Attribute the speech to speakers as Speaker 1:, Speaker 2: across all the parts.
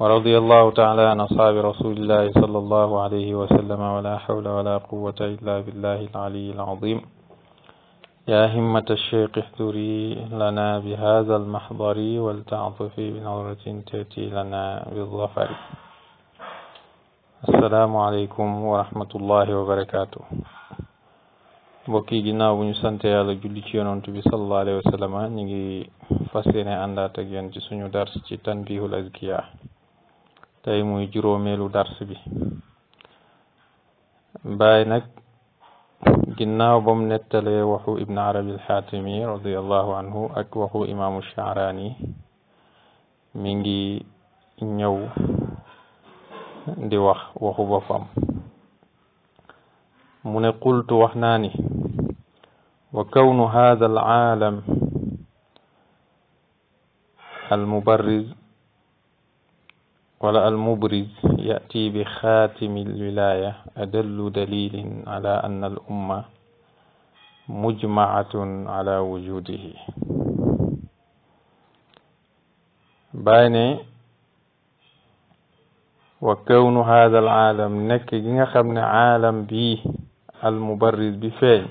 Speaker 1: ورضي الله تعالى عن أصحاب رسول الله صلى الله عليه وسلم ولا حول ولا قوة إلا بالله العلي العظيم يا همة الشيخ احذري لنا بهذا المحضر ولتعطفي بنظرة تأتي لنا بالظفر السلام عليكم ورحمة الله وبركاته mbokk yi على bu ñu صلى الله عليه وسلم yonontu bi sallallahu alayhi wa sallam ñu ngi الازكياء tey muy juróomeelu dars bi baay nag ginnaaw ba mu nettalee waxu ibn arabi alxaatimi radiallahu anhu ak waxu imaamu shaaraani mi ngi ñëw di wax waxu boppam mu ne qultu wax naa ni wa kawnu hada alaalam almubarriz ولا المبرز يأتي بخاتم الولاية أدل دليل على أن الأمة مجمعة على وجوده بايني وكون هذا العالم نك جينا عالم به المبرز بفعل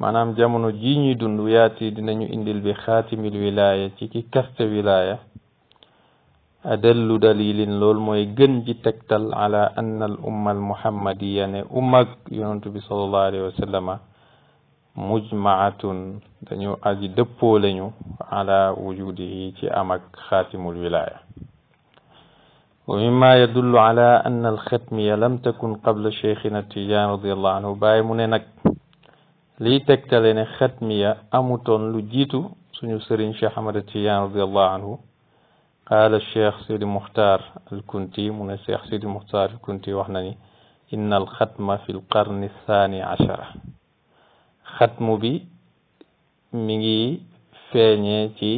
Speaker 1: manam jamono ji ñuy dund yaati dinañu indil bi xaatimil wilaya ci ki kaste wilaya adallu dalilin loolu mooy gën ji tegtal ala anna al umma al muhammadiya ne ummak yonantu bi salallahu alayhi wa sallama mujmaatun dañu aji dëppoo lañu ala wujudihi ci amak xaatimul wilaya wa mimma yadullu ala anna al xatmiya lam takun qabla cheikhina tijan radiallahu anhu bàyyi mu ne nag liy tegtale ne xatmiya amutoon lu jiitu suñu sëriñ cheikh ahmada tijan radiallahu anhu qaala cheikh sidi muxtaar alkunti mu ne cheikh sidi muxtaar alkunti wax na ni inna alxatma fi lqarni thani achara xatmu bi mi ngi feeñee ci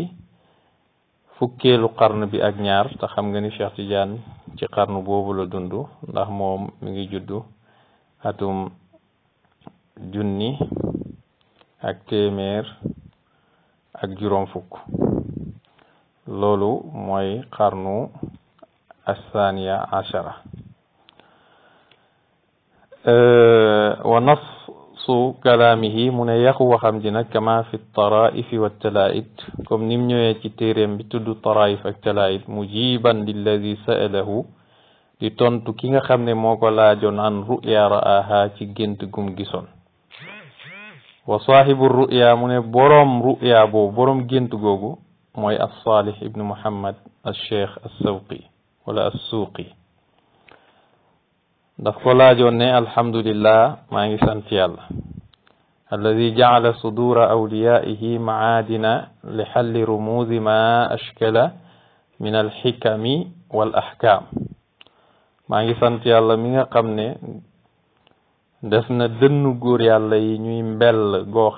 Speaker 1: fukkeelu xarn bi ak ñaar te xam nga ni cheikh tidiane ci xarn boobu la dund ndax moom mi ngi juddu atum junni ak téeméer ak juróom fukk loolu mooy xarnu assaaniya achara wa nasu kalaamihi mu ne yàqu waxam ji nag kama fi taraifi wa talaid comme nim ñëwee ci téeréem bi tudd taraif ak talaid mujiban lilladi sa'alahu di tontu ki nga xam ne moo ko laajoon an ruya ra'aha ci gént gum gisoon wa saahibu ruya mu ne boroom ruya boobu boroom gént googu موي الصالح ابن محمد الشيخ السوقي ولا السوقي دخل الحمد لله ما سنت الله الذي جعل صدور أوليائه معادن لحل رموز ما أشكل من الحكم والأحكام ما سنت الله من قمنا دفن دن غور يالله ينوي مبل غو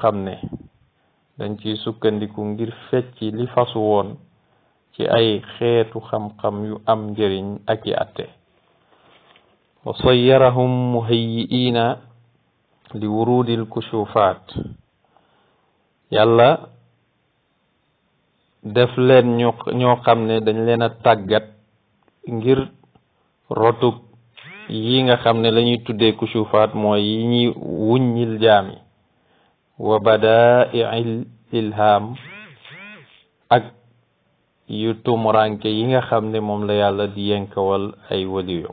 Speaker 1: dañ ciy sukkandiku ngir fecci li fasu woon ci ay xeetu xam-xam yu am njëriñ ak yi atte wa sayyarahum muhayyiina li wurudil kushufaat yàlla def leen ñoo xam ne dañ leen a tàggat ngir rotub yi nga xam ne lañuy ñuy tuddee kushufaat mooy yi ñuy wuññil jaam wa badaa'iil ilham ak yu tumuranke yi nga xam ne moom la yàlla di yenkawal ay waliyu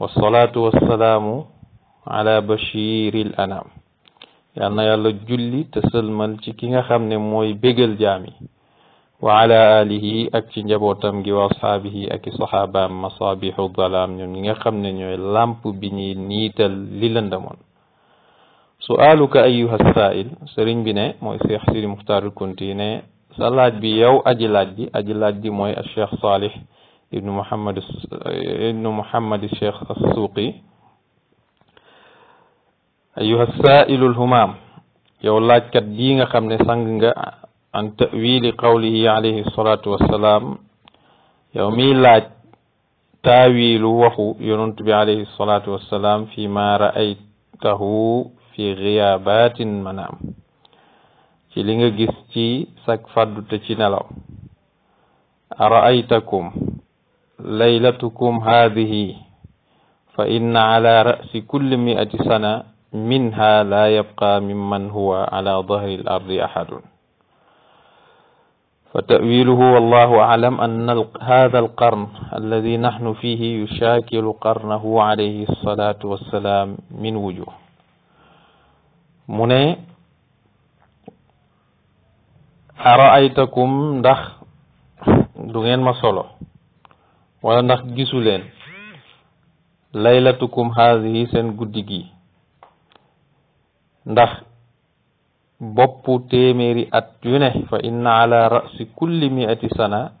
Speaker 1: wasalaatu wasalaamu ala bashiril anam yal na yàlla julli te sëlmal ci ki nga xam ne mooy bégal jaami wa ala alihi ak ci njabootam gi wa ashaabihi ak i saxaabaam masaabixu dalaam ñoom ñi nga xam ne ñooy làmp bi ñuy niital li lëndamoon سؤالك أيها السائل سرين بناء موي سيخ سيري مختار الكنتين سألات بي يو أجلات بي أجلات بي موي الشيخ صالح ابن محمد ابن محمد الشيخ السوقي أيها السائل الهمام يو لاج كدين خمني سنغنغ عن تأويل قوله عليه الصلاة والسلام يو مي تأويل وهو ينطبي عليه الصلاة والسلام فيما رأيت fi ghiyabaatin manaam ci li nga gis ci sak fàddute ci nelaw araaytakum laylatukum haadihi fa inna ala ra'si kulli mi'ati sana minha la yabqa mimman huwa ala dhahri al-ardi ahadun فتأويله والله أعلم أن هذا القرن الذي نحن فيه يشاكل قرنه عليه الصلاة والسلام من وجوه mu ne araaytakum ndax du ngeen ma solo wala ndax gisu leen laylatukum haadihi seen guddi gi ndax boppu téeméeri at yu ne fa inna ala rasi kulli sana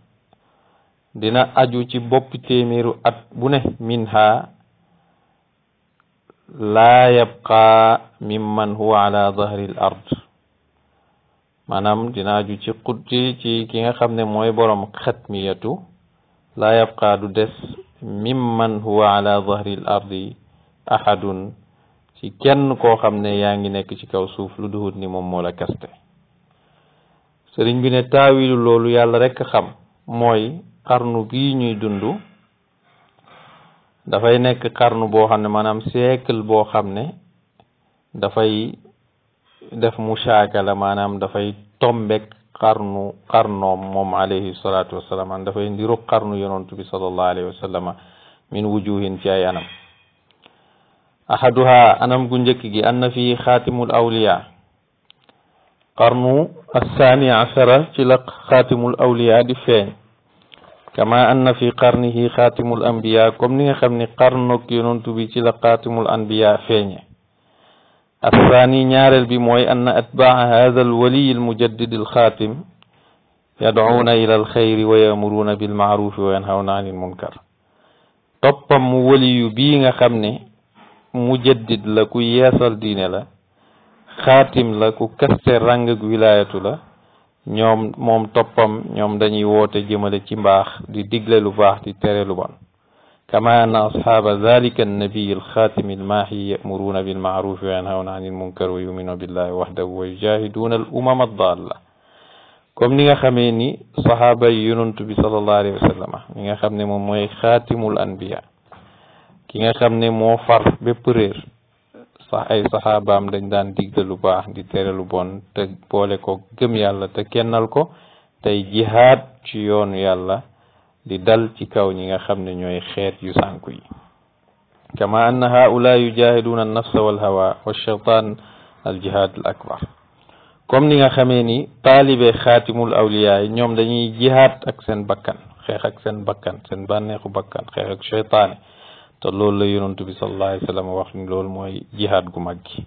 Speaker 1: dina aju ci boppi téeméeru at bu ne min ha laa yabqa mimman huwa ala ard maanaam dina aju ci quddi ci ki nga xam ne mooy borom xatmiyatu laa yabqa du des mimman huwa ala zahri ahadun ci kenn koo xam ne yaa ngi nekk ci kaw suuf lu duhut ni moom moo la kaste sëriñ bi ne taawilu loolu yàlla rekk xam moy xarnu bii ñuy dundu dafay nekk xarnu boo xam ne maanaam siècle boo xam ne dafay def musaakala maanaam dafay tombek xarnu xarnoom moom alayhi salatu wassalam dafay ndiru xarnu yonontu bi sallallahu alayhi wa sallama min wujuhin ci anam ahaduha anam gu njëkk gi anna fi xaatimul awliya xarnu assaani asara ci la xaatimul awliya di كما أن في قرنه خاتم الأنبياء كم نيغا خمني قرنك ينونت بي تي خاتم الأنبياء فيني الثاني نيارل بي موي أن أتباع هذا الولي المجدد الخاتم يدعون إلى الخير ويأمرون بالمعروف وينهون عن المنكر طب مولي بيغا خمني مجدد لكو ne mujaddid لا خاتم yeesal diine la xaatim لا ñoom moom toppam ñoom dañuy woote jëmale ci mbaax di digle lu baax di tere lu bon kama anna ashaaba dalika annabiyi alxaatimi almaahi yamuruuna bilmaarufi wa yanhawna an ilmunkar wa al umama addalla comme ni nga xamee ni sahaaba bi salallahu alayhi wa nga xam ne moom mooy xaatimul anbiya ki nga xam ne moo far sax ay sahabaam dañ daan digle lu baax di tere lu bon te boole ko gëm yàlla te kennal ko tey jihaad ci yoonu yàlla di dal ci kaw ñi nga xam ne ñooy xeet yu sànku yi كما أن هؤلاء يجاهدون النفس والهوى والشيطان الجهاد الأكبر كم نيغا خميني طالب خاتم الأولياء نيوم داني جهاد أك سن بكان خيخ أك سن بكان سن بانيخ بكان خيخ أك شيطاني ta lol la yonentou bi sallallahu alayhi wasallam wax ni lol moy jihad gu maggi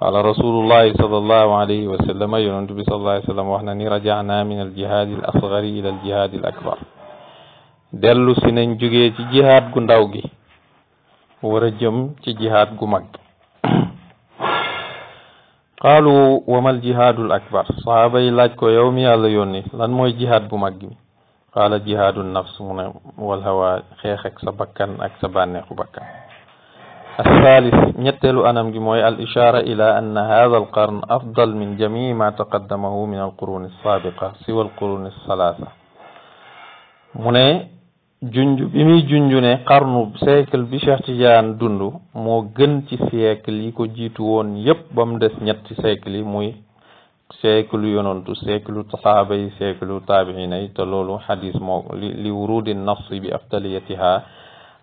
Speaker 1: ala rasulullah sallallahu alayhi wasallam yonentou bi sallallahu alayhi wasallam wax na ni rajana min al jihad al asghar ila al jihad al akbar delu si nañ joge ci jihad gu ndaw gi wara jëm ci jihad gu mag قالوا وما الجهاد الأكبر صحابي لاج كو يومي الله يوني لان موي جهاد بو ماغي قال جهاد النفس من والهوى wal hawa xeex ak الثالث نتل أنم جموي الإشارة إلى أن هذا القرن أفضل من جميع ما تقدمه من القرون السابقة سوى القرون الثلاثة من جنج بمي جنجنة قرن بسيكل بشهت جان دندو مو جنتي سيكل يكو جيتوون يب بمدس نتي سيكل موي siècle yonontu siècle sahaaba yi siècle taabiina yi te loolu xadis moo li li wurudi nafsi bi afdaliyatiha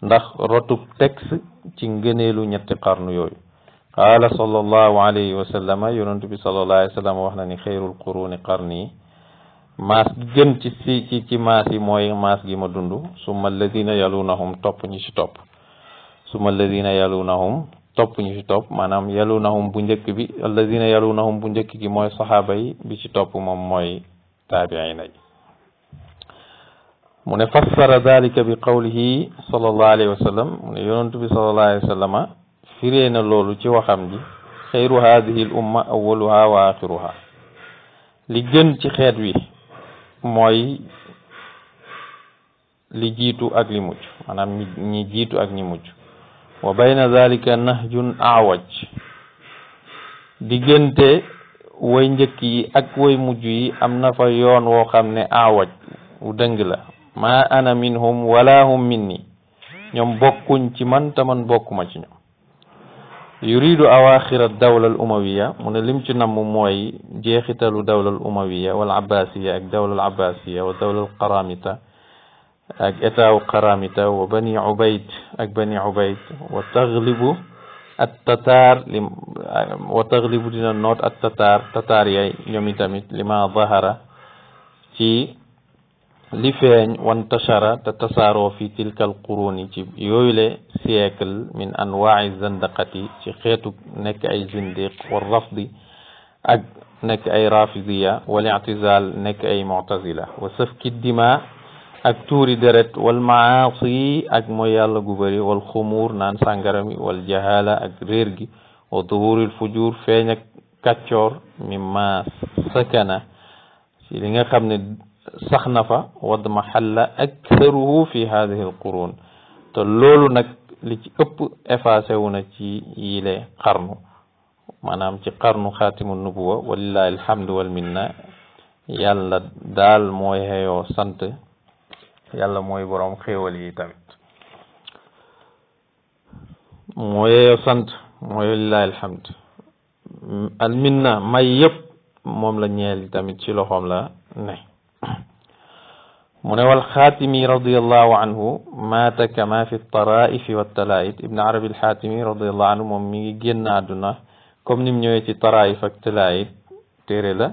Speaker 1: ndax rotub text ci ngëneelu ñetti qarnu yoy qala sallallahu alayhi wa sallama yonontu bi sallallahu alayhi wa sallam waxna ni khairul qurun qarni mas gën ci ci ci mas yi moy mas gi ma dundu summa alladhina yalunahum top ñi ci top summa alladhina yalunahum topp ñu ci topp maanaam yalunahum bu njëkk bi allazina yalunahum bu njëkk gi mooy saxaaba bi ci topp moom mooy taabiina yi mu ne fassara dalika bi qawlihi sallallahu alayhi wa mu ne yonent bi sallallahu alayhi wa sallama na loolu ci waxam ji xayru ci xeet wi mooy li jiitu ak li mujj maanaam ñi jiitu ak ñi mujj وبين ذلك نهج أعوج diggante way njëkk yi ak way mujj yi am na fa yoon woo xam ne aawaj wu dëng la ma ana minhum wala hum minni ñoom bokkuñ ci man te man bokkuma ci ñoom yuridu awaxira dawla al umawiya mu ne lim ci namm mooy jeexitalu dawla al umawiya wal abbasiya ak dawla al abbasiya wa dawla al qaramita أك أتاو قرامتا وبني عبيد أك بني عبيد وتغلب التتار وتغلب دين النوت التتار تتاري يعني يومي تميت لما ظهر تي لفين وانتشر تتسارو في تلك القرون تي يويل سيكل من أنواع الزندقة تي خيتو نك أي زندق والرفض أك نك أي رافضية والاعتزال نك أي معتزلة وسفك الدماء ak tuuri deret wal maasi ak mooy yàlla gu bëri wal xumuur naan sàngara mi wal jahala ak réer gi wa duhuril fujur feeñ ak kàccoor mi ma sakana ci li nga xam ne sax na fa wadd ma xalla aktaruhu fi hadihi al qurun te loolu nag li ci ëpp effacé wu na ci yile xarnu maanaam ci xarnu xaatimu nubuwa walillahi alhamdu wal minna yàlla daal mooy xeyoo sant يلا موي بروم خيولي تامت موي سنت موي لله الحمد المنا ما يب موم لا نيل تامت سي لوخوم لا ني من والخاتم رضي الله عنه مات كما في الطرائف والتلايت ابن عربي الحاتمي رضي الله عنه مي جينا ادنا كوم نيم نيوي سي طرائف تيري لا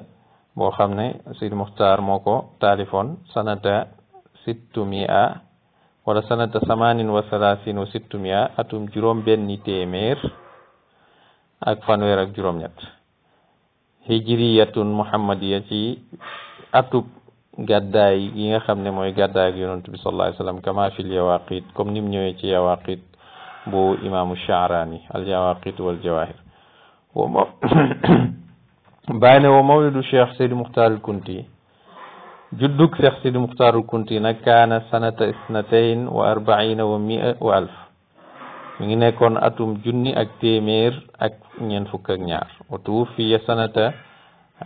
Speaker 1: بو خامني سيد مختار موكو تاليفون سنه ستمائة ولا سنة ثمان وثلاثين وستمائة أتم جروم بني تيمير ak fanweer ak juróom-ñett hijriyatun muhammadiya ci atub gàddaay yi nga xam ne mooy gàddaay ak yonent bi sallallahu alayhi wasallam kama fil yawaqit comme nim ñëwee ci yawaqit bu imaamu shaarani al yawaqit wal jawahir wa mo baane wa mawlidu cheikh seydi muxtaar al kunti جدك شيخ سيد مختار الكنتي كان سنة اثنتين واربعين ومئة والف من هنا اتم جني اك تيمير اك نين فكك نيار وتوفي سنة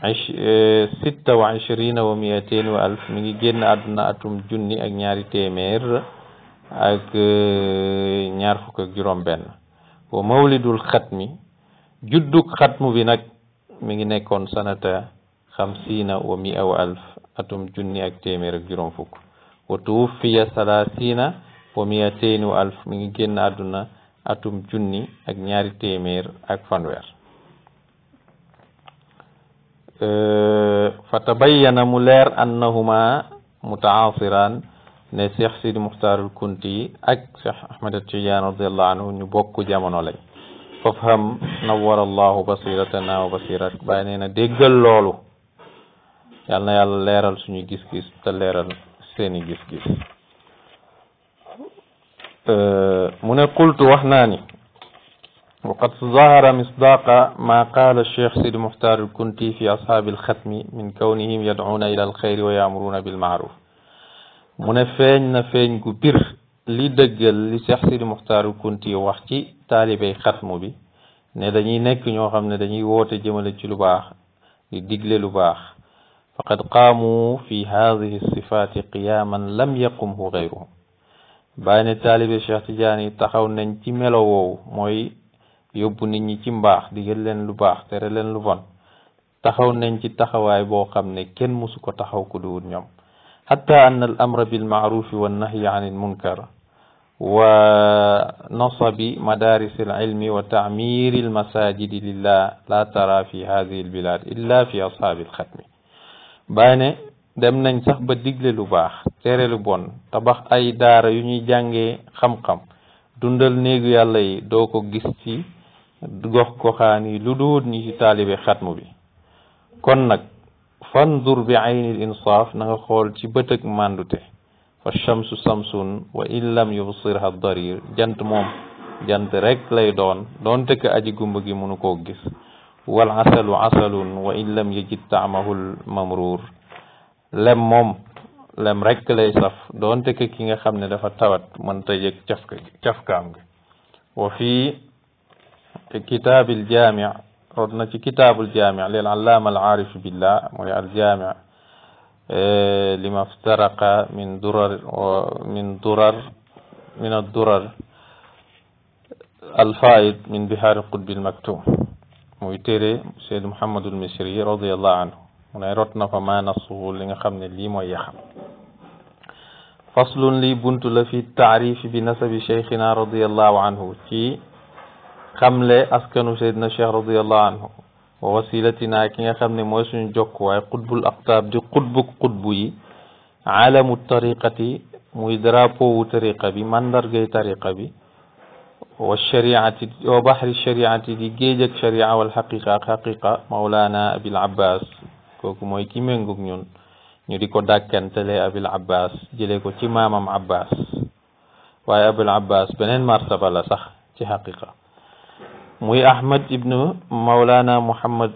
Speaker 1: عش... آه، ستة وعشرين ومئتين والف من جن ادنا اتم جني اك نياري تيمير اك آه، نيار فكك جرام بن ومولد الختمي جدك ختم بنك من هنا سنة xamsiina wa mia wa alf atum junni ak téeméer ak juróom fukk wa tuwuffiya salaasiina wa miatayni mi ngi génn atum junni ak ñaari téeméer ak fanweer fa tabayyana mu leer annahuma mutaasiraan ne Cheikh Sidi Muxtaar al Kunti ak Cheikh Ahmed Tidiane radiallahu anhu ñu bokk jamono lañ fafham nawwara allahu basiratana wa basirat bàyyi nee loolu yal na yàlla leeral suñu gis-gis te leeral seeni gis-gis mu ne qultu wax naa ni وقد ظهر مصداق ما قال الشيخ سيد مختار الكنتي في أصحاب الختم من كونهم يدعون إلى الخير ويأمرون بالمعروف من فين نفين كبير li dëggal li Cheikh Sidi Muxtaaru Kunti wax ci taalibey xatmu bi ne dañuy nekk ñoo xam ne dañuy woote jëmale ci lu baax di digle lu baax فقد قاموا في هذه الصفات قياما لم يقمه غيرهم باين طالب الشيخ تجاني تخاو نان ملو موي يوب نيت تي مباخ ديغل لين لو باخ تير لين لو فون تخاو نان تخاواي بو خامني كين موسوكو تخاو كودور نيوم حتى ان الامر بالمعروف والنهي عن المنكر ونصب مدارس العلم وتعمير المساجد لله لا ترى في هذه البلاد الا في اصحاب الختم bàyyi ne dem nañ sax ba digle lu baax tere lu bon tabax ay daara yu ñuy jàngee xam-xam dundal néegu yàlla yi doo ko gis ci gox goxaan yi lu duut ñi ci taalibe xatmu bi kon nag fanzur bi aynil insaaf na xool ci bëtëg màndute fa shamsu samsun wa in lam yubsirha darir jant moom jant rek lay doon doonte ka aji gumba gi mënu koo gis والعسل عسل وإن لم يجد طعمه الممرور لم مم لم رك لي صف دون تك كيغا خامن دا فا تاوات مون وفي كتاب الجامع ردنا في كتاب الجامع للعلامة العارف بالله مولى الجامع آه، لما افترق من درر ومن درر من الدرر الفائد من بحار القطب المكتوم muy téere Seyd Muhammadul Misri radiallahu anhu mu ne rot na fa maanasuhu li nga xam ne lii mooy yaxam faslun lii buntu la fi taarif bi nasabi cheikhina radiallahu anhu ci xamle askanu Seydina Cheikh radiallahu anhu wa wasilatina ki nga xam ne mooy suñu jokkuwaay qutbul aqtaab di qutbuk qutbu yi aalamu tariqati muy drapeau wu tariqa bi mandargay tariqa bi wa shariati wa bahri shariati di géej ak sharia wal xaqiqa ak kooku mooy ki méngug ñun ñu di ko dàkkantele abil abbas jëlee ko ci maamam abbas waaye abul abbas beneen martaba bala sax ci xaqiqa muy ahmad ibnu maulana muhammad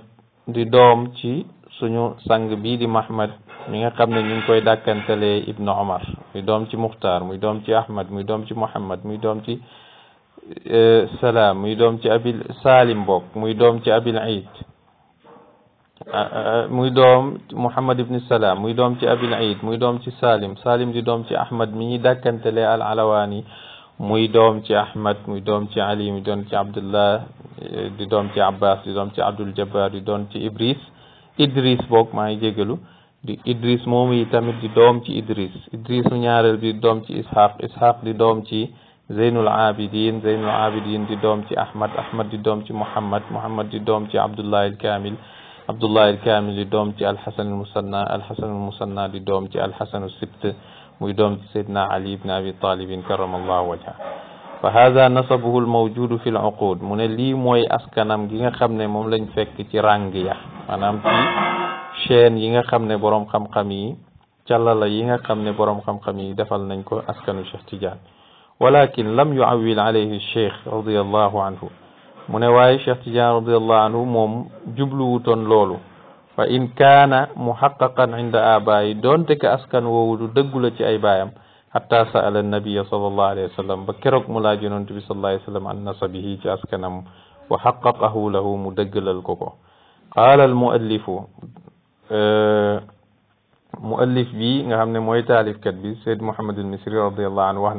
Speaker 1: di doom ci suñu sang bii di mahmad mi nga xam ne ñu ngi koy dàkkantelee ibnu omar muy doom ci muxtaar muy doom ci ahmad muy doom ci muhammad muy doom ci salaam muy doom ci abil salim bokk muy doom ci abil aid muy doom muhammad ibn salaam muy doom ci abil aid muy doom ci salim salim di doom ci ahmad mi ñuy dàkkantele al alawaani muy doom ci ahmad muy doom ci ali muy doom ci abdullah di doom ci abbas di doom ci abdul jabbar di doom ci ibris idris bokk maa ngi jégalu di idris moomu yi tamit di doom ci idris idris mu ñaareel bi doom ci ishaq ishaq di doom ci زين العابدين زين العابدين دي دوم تي احمد احمد دي دوم تي محمد محمد دي دوم تي عبد الله الكامل عبد الله الكامل دي دوم تي الحسن المسنى الحسن المسنى دي دوم تي الحسن السبت مي دوم تي سيدنا علي بن ابي طالب كرم الله وجهه فهذا نسبه الموجود في العقود من لي موي اسكنام جيغا خامني موم لاني فك تي رانغ يا مانام تي شين ييغا خامني بوروم خام خامي تيالا لا ييغا خامني بوروم خام خامي ديفال نانكو اسكنو شيخ تيجان ولكن لم يعول عليه الشيخ رضي الله عنه من واي شيخ تجان رضي الله عنه موم جبلوتون لولو فإن كان محققا عند آبائي دون تك أسكن وودو دغلو تي أي بايام حتى سأل النبي صلى الله عليه وسلم بكرك ملاجن النبي صلى الله عليه وسلم عن نسبه تي أسكنم وحققه له مدقل الكوكو قال المؤلف أه مؤلف بي nga xamne moy talif kat bi sayyid muhammad al-misri radiyallahu anhu wax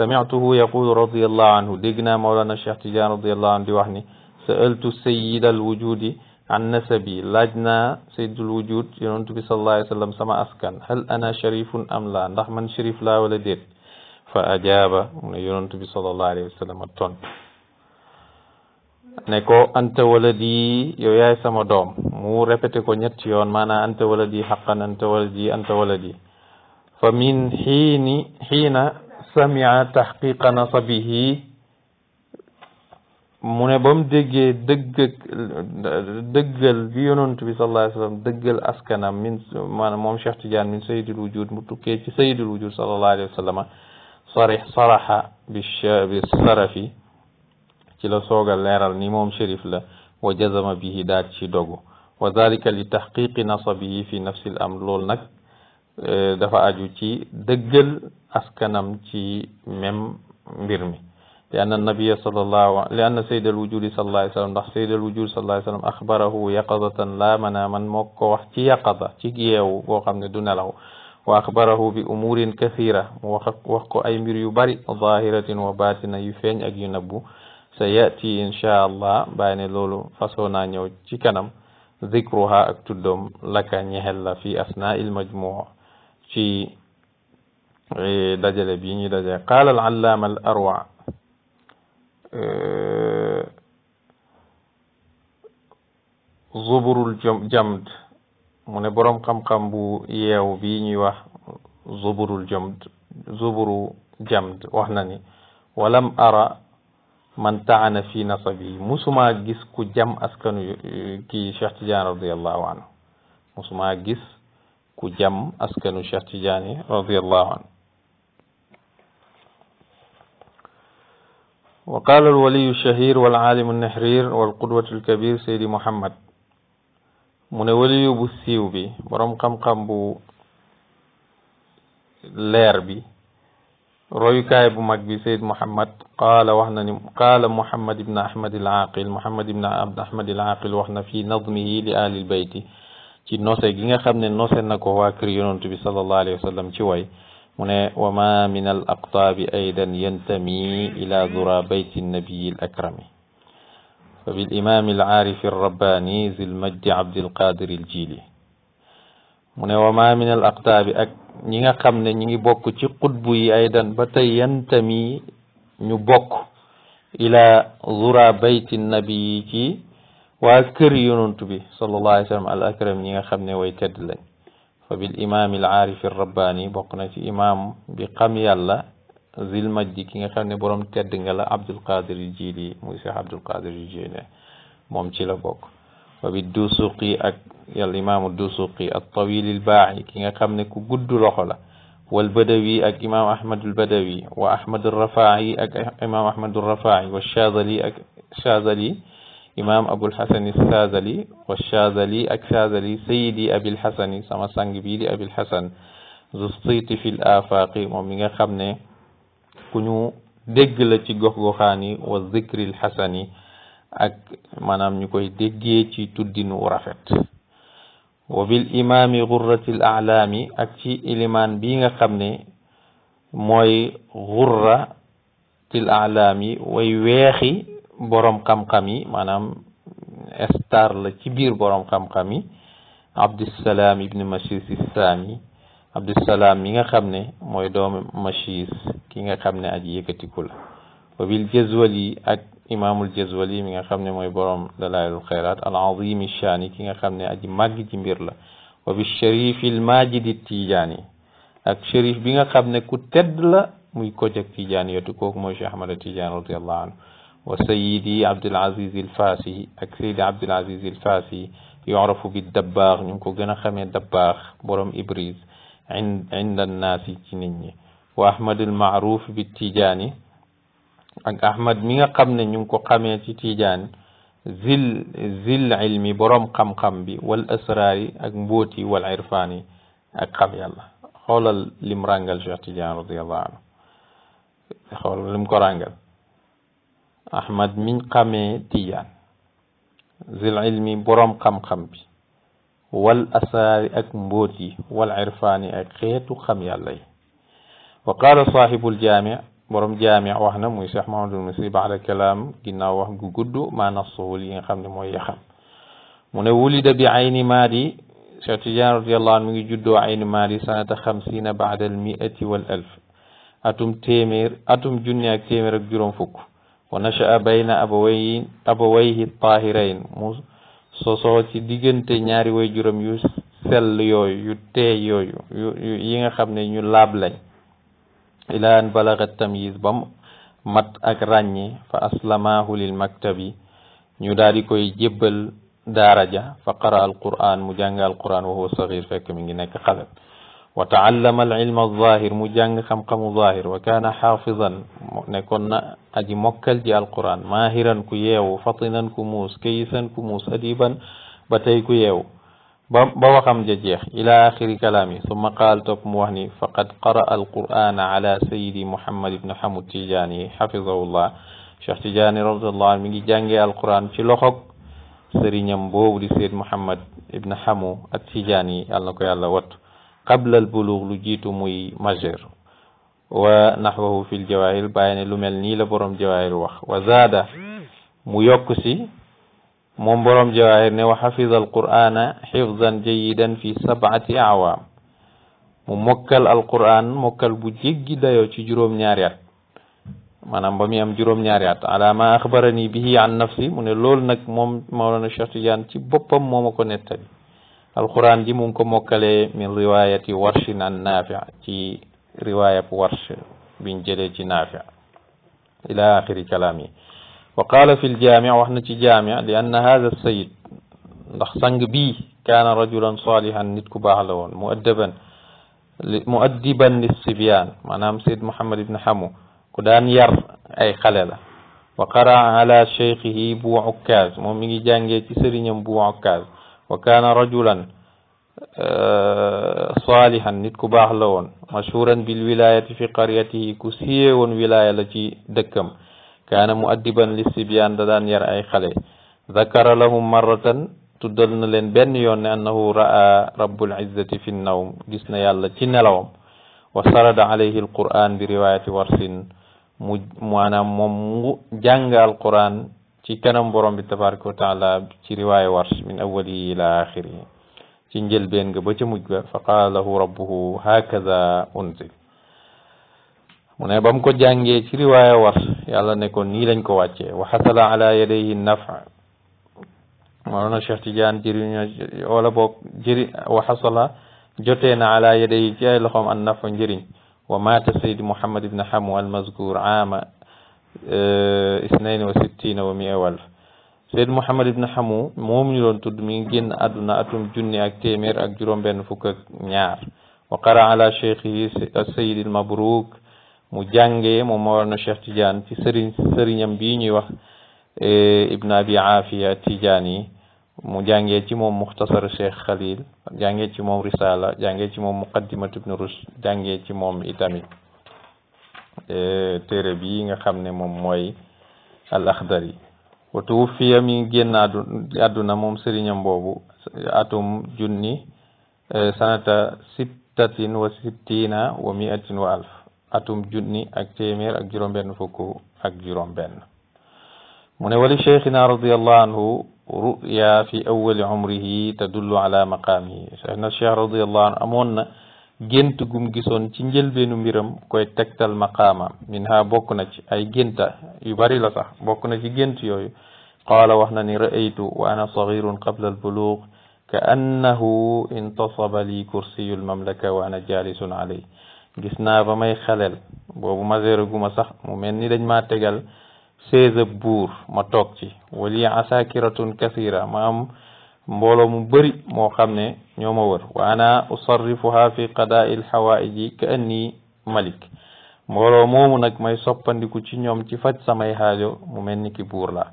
Speaker 1: سمعته يقول رضي الله عنه دقنا مولانا الشيخ تجان رضي الله عنه وحني سألت سيد الوجود عن نسبي لجنا سيد الوجود ينتبه صلى الله عليه وسلم سما أسكن هل أنا شريف أم لا نحمن شريف لا ولا دير فأجاب ينتبه صلى الله عليه وسلم التون نكو أنت ولدي waladi yow yaay sama doom mu répété ko ñetti yoon أنت ولدي waladi xaqan anta waladi anta waladi fa min سمع تحقيق نصبه من بام دغ دغ دغل بي يونت صلى الله عليه وسلم دغل اسكنا من مام شيخ تيجان من سيد الوجود متوكي سيد الوجود صلى الله عليه وسلم صريح صراحة بالصرف كي لا سوغا ليرال ني موم شريف لا وجزم به دات شي دوغو وذلك لتحقيق نصبه في نفس الامر لول dafa aju ci deugal askanam ci même mbir mi li anna nabiya sallallahu li anna sayd al wujudi sallallahu alayhi wasallam ndax sayd al sallallahu alayhi wasallam akhbarahu yaqadatan la manaman moo ko wax ci yaqada ci yeewu go xamne du nelaw wa akhbarahu bi umurin kathira mu wax wax ko ay mbir yu bari zahiratin wa batina yu feñ ak yu nabbu sayati yati insha allah bàyyi ne loolu ñëw ci kanam ذكرها اكتدوم لك نهلا في أثناء المجموع ci dajale bii ñuy dajale qaala al-allaama al-arwa zuburul jamd mu ne boroom xam-xam bu yeew bii ñuy wax zuburul jamd zuburu jamd wax na ni walam ara man taana fi nasabi musuma gis ku jam askanu kii Cheikh Tidiane radiallahu anhu musuma gis كجم أسكن الشيخ تجاني رضي الله عنه وقال الولي الشهير والعالم النحرير والقدوة الكبير سيدي محمد من ولي بثيو بي برم قم قم بو لير بي روي بي سيد محمد قال وحنا قال محمد بن أحمد العاقل محمد بن عبد أحمد العاقل وحنا في نظمه لآل البيت ci nose gi nga xam ne nose na ko waa kër yonantu bi sallallahu alayhi wa sallam ci woy mu ne wa ma min al aqtaabi aydan yantami ila zura bayti nabiyi ne wa ma min al aqtaabi ak ñi nga xam ne ñi ngi bokk ci xutbu yi aydan ba tey yantami ñu bokk ila zura bayti nabiyi ci واذكر يونون تبي صلى الله عليه وسلم على أكرم نيغا خبنا ويتدلن فبالإمام العارف الرباني بقنا في إمام بقام يالا ذي المجد كيغا خبنا بروم تدنغا عبد القادر الجيلي موسى عبد القادر الجيلي مومتي لبوك وبالدوسوقي أك الإمام الدوسوقي الطويل الباعي كي خبنا كو لخلا والبدوي أك إمام أحمد البدوي وأحمد الرفاعي أك إمام أحمد الرفاعي والشاذلي أك شاذلي Imam Abul Hasan al-Sazali والشاذلي الشاذلي سيدي أبي الحسن sama sang bii di Abil Hasan zustiiti fi l-aafaaq moom mi nga xam ne ku ñu dégg la ci gox-goxaan yi wa zikri l-Hasan yi ak maanaam ñu koy déggee ci tuddinu rafet wa bil imaami gurrati al-a'laami ak ci ilimaan bii nga xam ne mooy gurra til a'laami way weexi borom xam-xam yi maanaam star la ci biir boroom xam-xam yi abdusalaam ibni machis issaami abdusalaam mi nga xam ne mooy doom machis ki nga xam ne aji yëkkatiku la wabil jazwali ak imaamul jazwali mi nga xam ne mooy boroom dalailul xayrat al azimi shaani ki nga xam ne aji màgg ci mbir la wabi sharif il majidi tijaani ak sharif bi nga xam ne ku tedd la muy kojak tijaani yotu kooku mooy cheikh ahmada tijaani radiallahu anhu وسيدي عبد العزيز الفاسي أكسيدي عبد العزيز الفاسي يعرف بالدباغ نمكو جنا خمي الدباغ برم إبريز عند الناس جنيني وأحمد المعروف بالتيجاني أحمد مي قمنا نمكو قمي تيجان زل زل علمي برم قم قم بي والأسرار أكبوتي والعرفاني أكبي الله خول لمرانجل شعتيجان رضي الله عنه خول لمكرانجل أحمد من قمي ديان زي العلم برام قم قم بي والأسار أكمبوتي والعرفان أكيت قمي الله وقال صاحب الجامع برام جامع وحنا موسى محمد المسيب على كلام جنا وهم قد ما نصه لي خم لمويا من ولد بعين مالي شاتجان رضي الله عنه يجد عين مالي سنة خمسين بعد المئة والألف أتم تيمير أتم جنيا تيمير جرون فكو ونشأ بين أبوين أبويه الطاهرين صوصوتي ديغنتي نياري وي جورم يو سيل يوي يو تي يوي ييغا خامني ني لاب لاج الى ان بلغ التمييز بام مات اك راني فاسلماه للمكتب ني دادي كوي جيبل دارجا فقرا القران مجانغ القران وهو صغير فك ميغي نيك خالد وتعلم العلم الظاهر مجان خم خم ظاهر وكان حافظا نكون أجي مكل جي القرآن ماهرا كيهو فطنا كموس كيسا كموس أديبا بتي كيهو بوخم ججيخ إلى آخر كلامي ثم قال توك موهني فقد قرأ القرآن على سيدي محمد بن حمد تجاني حفظه الله شيخ تيجاني رضي الله عنه جانجي القرآن في لخك سرينيم بوب سيد محمد ابن حمو التجاني الله كي الله واتو qabla al bulugh lu jiitu muy majeur wa naxwahu fi ljawahir bàyyi ne lu mel nii la borom jawahir wax wa zaada mu yokk si moom borom jawahir ne wa xafida alqur'ana xifdan jayidan fi sab'ati awaam mu mokkal alqur'an mokkal bu jéggi dayoo ci juróom-ñaari at maanaam ba muy am juróom-ñaari at ala ma axbarani bihi an nafsi mu ne loolu nag moom Mawlana Cheikh Tidiane ci boppam moo ma ko nettali القرآن دي ممكن مكلة من رواية ورش النافع تي رواية ورش بن جريج نافع إلى آخر كلامي وقال في الجامع وحنا في جامع لأن هذا السيد لخصنق بي كان رجلا صالحا نتكو بعلون مؤدبا مؤدبا للصبيان معناها سيد محمد بن حمو كدان ير أي خلالة وقرأ على شيخه بو عكاز مومي جانجي تسرين بو عكاز وكان رجلا آه، صالحا نتكو باحلون مشهورا بالولاية في قريته كسيون ولاية لجي دكم كان مؤدبا للسبيان ددان يرأي خلي ذكر لهم مرة تدلن لن بنيون أنه رأى رب العزة في النوم جسنا يالا جنة لهم وسرد عليه القرآن برواية ورس مو أنا ممو جنغ القرآن ci kanam borom bi tabaraka wa taala ci riwaaya wars min awwalihi ila axirihi ci njëlbeen nga ba ca mujj ba fa qaala lahu rabbuhu hakada unzil mu ne ba mu ko jàngee ci riwaaya wars yàlla ne ko nii lañ ko wàccee wa xasala ala yadayhi nafa maanaam Cheikh Tidiane jëriñ wala boog jëri wa xasala jotee na ala yadayhi ci ay loxoom an nafa njëriñ wa maata sayid Muhammad ibn Hamu al mazkur aama isnayn wa sittina Seyd Mouhamed ibn Hamou moom ñu doon tudd mi ngi génn àdduna atum junni ak téeméer ak juróom-benn fukk ak ñaar wa qara ala cheikhihi Seyd al Mabrouk mu jàngee moom Mawlana Cheikh Tidiane ci sëriñ sëriñam bii ñuy wax e, Ibn Abi Aafiya Tijaani mu jàngee ci moom Muxtasar Khalil jàngee ci moom Risala jàngee ci moom Muqaddimat Ibn Rushd jàngee ci moom itamit Eh, téere bi nga xam ne moom mooy al axdari wa tuwfiya mi génn àdduna moom sëriñam boobu atum junni eh, sanata siptatin wa siptina wa miatin wa alf atum junni ak téeméer ak juróom-benn fukk ak juróom-benn mu ne wali cheikhina radiallahu anhu ruya fi awali umrihi tadullu ala maqaamihi cheikhna cheikh radiallahu anhu amoon na gént gum gisoon ci njëlbeenu mbiram koy tegtal maqaamaam min ha bokk na ci ay génta yu bari la sax bokk na ci gént yooyu qaala wax na ni ra'aytu wa ana saghirun qabla albuluug ka annahu intasaba li kursiyu almamlaka wa ana jalisun alay gis naa ba may xaleel boobu maseere guma sax mu mel ni dañ ma tegal seize buur ma toog ci wali asakiratun kasira ma am mbooloo mu bëri moo xam ne ñoo ma wër wa ana usarrifuha fi qadaai alxawaaiji ka anni malik mbooloo moomu nag may soppandiku ci ñoom ci faj samay haajo mu mel ni ki buur la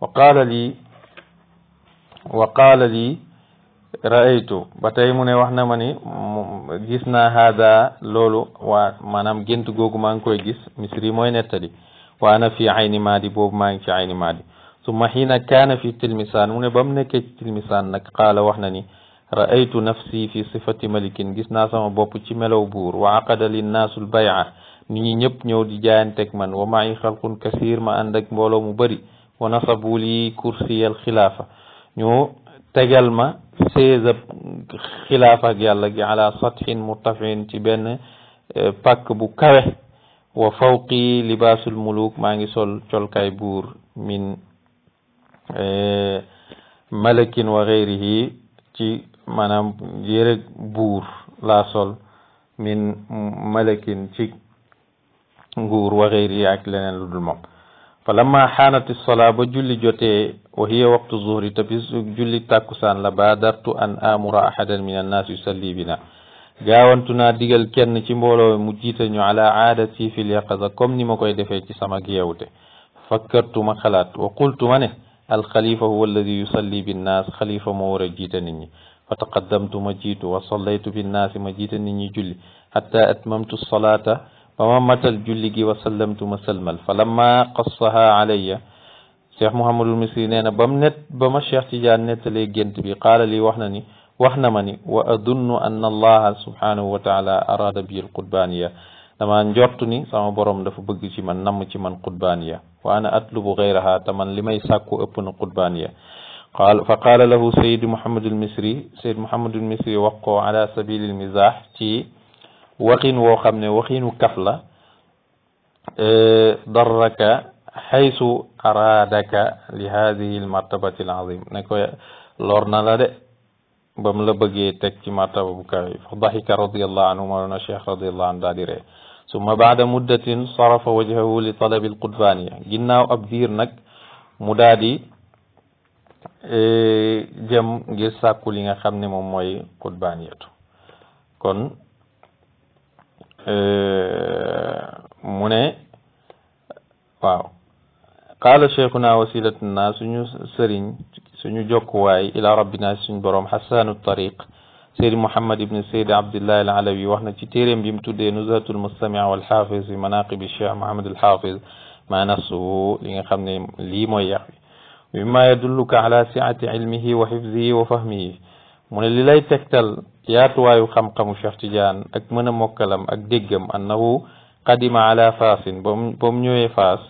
Speaker 1: wa qaala lii wa qaala raaytu ba tey mu ne wax na ma ni gis naa haada loolu wa maanaam gént googu maa ngi koy gis misri mooy nettali wa ana fi ayni maadi boobu maa ngi ci ayni maadi ثم حين كان في التلمسان من بمنك التلمسان نك قال وحنني رأيت نفسي في صفة ملك جس ناسا مبوب تشملو بور وعقد للناس البيعة ني نيب نيو دي جان تكمن ومعي خلق كثير ما عندك مولو مبري ونصبوا لي كرسي الخلافة نيو تجل ما سيز خلافة جالا على سطح مرتفع تبين باك بو كره وفوقي لباس الملوك ما نجي سول كاي بور من Eh, malakin wa gayrihi ci maanaam yére buur laa sol min malakin ci nguur wa gayrihi ak leneen lu dul moom fa lamma xaanati sola ba julli jotee wa hiya waqtu zuhri tabis julli tàkkusaan la baadartu an amura ahadan min annaas yusalli bina gaawantu naa digal kenn ci mbooloo mu jiita ñu ala aadati fi lyaqaza comme ni ma koy defee ci sama yeewte fakkartu ma xalaat wa qultu ma ne الخليفة هو الذي يصلي بالناس خليفة مورا جيتا نيني فتقدمت مجيت وصليت بالناس مجيتا نيني جلي حتى أتممت الصلاة وما متى الجلي وسلمت مسلمل فلما قصها علي شيخ محمد المصري بمنت بام نت بما شيخ تجان نتلي جنت بي قال لي وحنني وحنمني وأظن أن الله سبحانه وتعالى أراد بي القربانية dama njortu ni sama borom dafa bëgg ci man nam ci man qurbaniya wa ana atlubu ghayraha taman limay sakku ëpp na qudbaniya قال فقال له سيد محمد المصري سيد محمد المصري وقو على سبيل المزاح تي وقين وو خامني وقين ضرك حيث ارادك لهذه المرتبه العظيم نكو لورنا لا دي بام مرتبه بكاي فضحك رضي الله عنه مولانا الشيخ رضي الله عنه دادي ثم بعد مدة صرف وجهه لطلب القدفان جنا أبدير نك مدادي جم جسا كلين خمني مموي قدفانيتو كن مني واو قال الشيخنا وسيلة الناس سنو سرين جوكواي إلى ربنا سنبرم حسان الطريق سيد محمد بن سيد عبد الله العلوي وحنا تي تيرم بيم تودي نزهة المستمع والحافظ مناقب الشيخ محمد الحافظ ما نصه لي خامني لي موي مما يدلك على سعة علمه وحفظه وفهمه من اللي لا يتكتل يا تواي خم خم شيخ تجان اك من موكلم اك ديغم انه قدم على فاس بوم نيوي فاس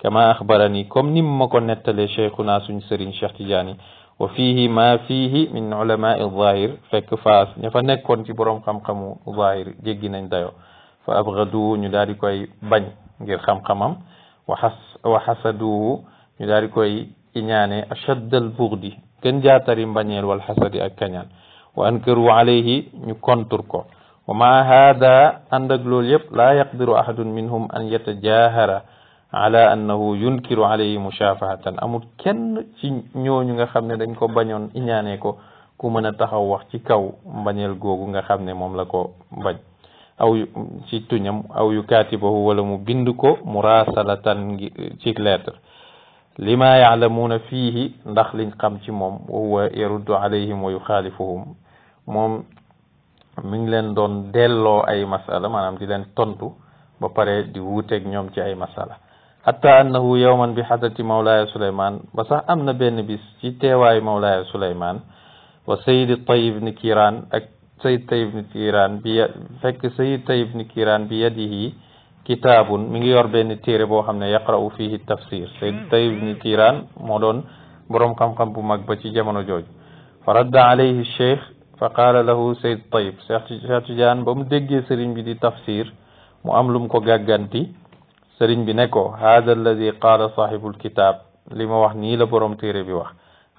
Speaker 1: كما اخبرني كم نيم مكو نتالي شيخنا سن سرين وفيه ما فيه من علماء الظاهر فكفاس نفنك كون تي بروم خم خمو الظاهر جيجي نان دايو فابغدو ني داري كوي باج غير خم خمام وحس وحسدو ني داري كوي اينياني اشد البغض كن جاتري مبانيل والحسد اكنيان وانكروا عليه ني كونتركو وما هذا عندك لول لا يقدر احد منهم ان يتجاهر ala annahu yunkiru alayhi mushafahatan amul kenn ci ñooñu nga xam ne dañ ko bañoon iñaanee ko ku mën a taxaw wax ci kaw mbañeel googu nga xam ne moom la ko bañ aw ci tuñam aw yu kaatibahu wala mu bind ko murasalatan ci lettre lima yaalamuuna fii ndax liñ xam ci moom wa huwa yaruddu alayhim wa yuxaalifuhum moom mi ngi leen doon delloo ay masala maanaam di leen tontu ba pare di wuuteeg ñoom ci ay masala حتى أنه يوما بحضرة مولاي سليمان بصح أمن بين بس جي مولاي سليمان وسيد الطيب نكيران سيد الطيب نكيران بي فك سيد الطيب نكيران بيده كتاب من غير بين تيري بو يقرأ فيه التفسير سيد الطيب نكيران مولون بروم كم كم بو مكبتي جمانو جوج فرد عليه الشيخ فقال له سيد الطيب سيد الطيب جان بوم دجي سرين بدي تفسير مو أملم كو غاغانتي سرين بنكو هذا الذي قال صاحب الكتاب لما وحني لبرم تيري بوح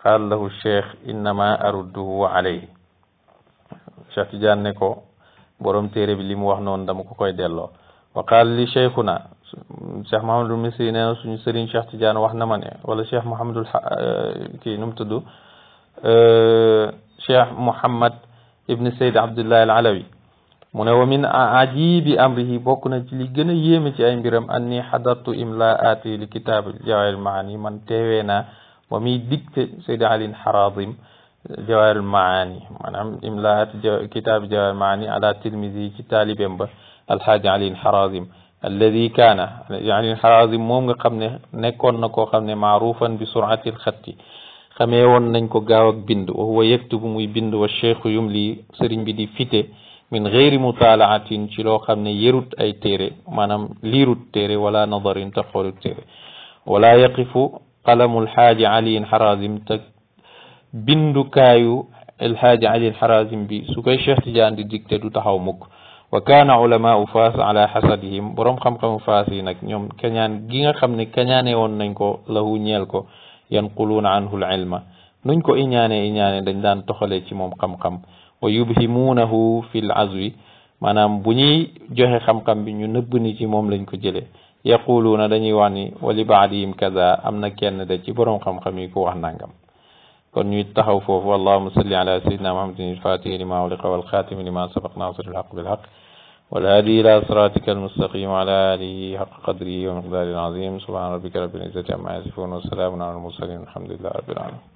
Speaker 1: قال له الشيخ إنما أرده عليه شخص جان نكو برم تيري بلما وحنون دمكو كوي ديلو وقال لي شيخنا شيخ محمد المصري نانو سرين شخص جان وحنا مني ولا شيخ محمد الح... كي نمتدو شيخ محمد ابن سيد عبد الله العلوي mu ne wa min ajibi amrihi bokk na ci li gën a yéeme ci ay mbiram anni hadartu imlaati li kitab jawahir maani man teewee naa ba muy dicté Seydi Ali Harazim jawahir maani maanaam imlaat kitab jawahir maani ala tilmisi ci taalibem ba alhaaji Ali Harazim alladi kaana Ali Harazim moom nga xam ne nekkoon na koo xam ne maarufan bi surati alxatti xamee woon nañ ko gaaw ak bind wa huwa yaktubu muy bind wa cheikhu yum li sëriñ bi di fite من غير مطالعة تلوخم يرد أي تيري مانم ليروت تيري ولا نظر تقول تيري ولا يقف قلم الحاج علي الحرازم تك كايو الحاج علي الحرازم بي سوكي شيخ تجان دي ديكتدو تحومك وكان علماء فاس على حسدهم برم خم خم نيوم كنيان جينا خمني كنياني وننكو له نيالكو ينقلون عنه العلم ننكو إنياني إنياني دندان تخلي كموم خم wa yubhimunahu fil azwi maanaam bu ñuy joxe xam-xam bi ñu nëbb ni ci moom lañ ko jëlee yaquluuna dañuy wax ni wali baadihim kaza am na kenn de ci borom xam-xam yi ko wax nangam kon ñuy taxaw foofu allahuma salli ala sayidina muhammadin ilfatihi lima uliqa walxatimi lima sabaq nasir ilhaq bilhaq والهادي إلى صراطك المستقيم وعلى آله حق قدره ومقداره العظيم سبحان ربك رب العزة عما يصفون وسلام على المرسلين الحمد لله رب العالمين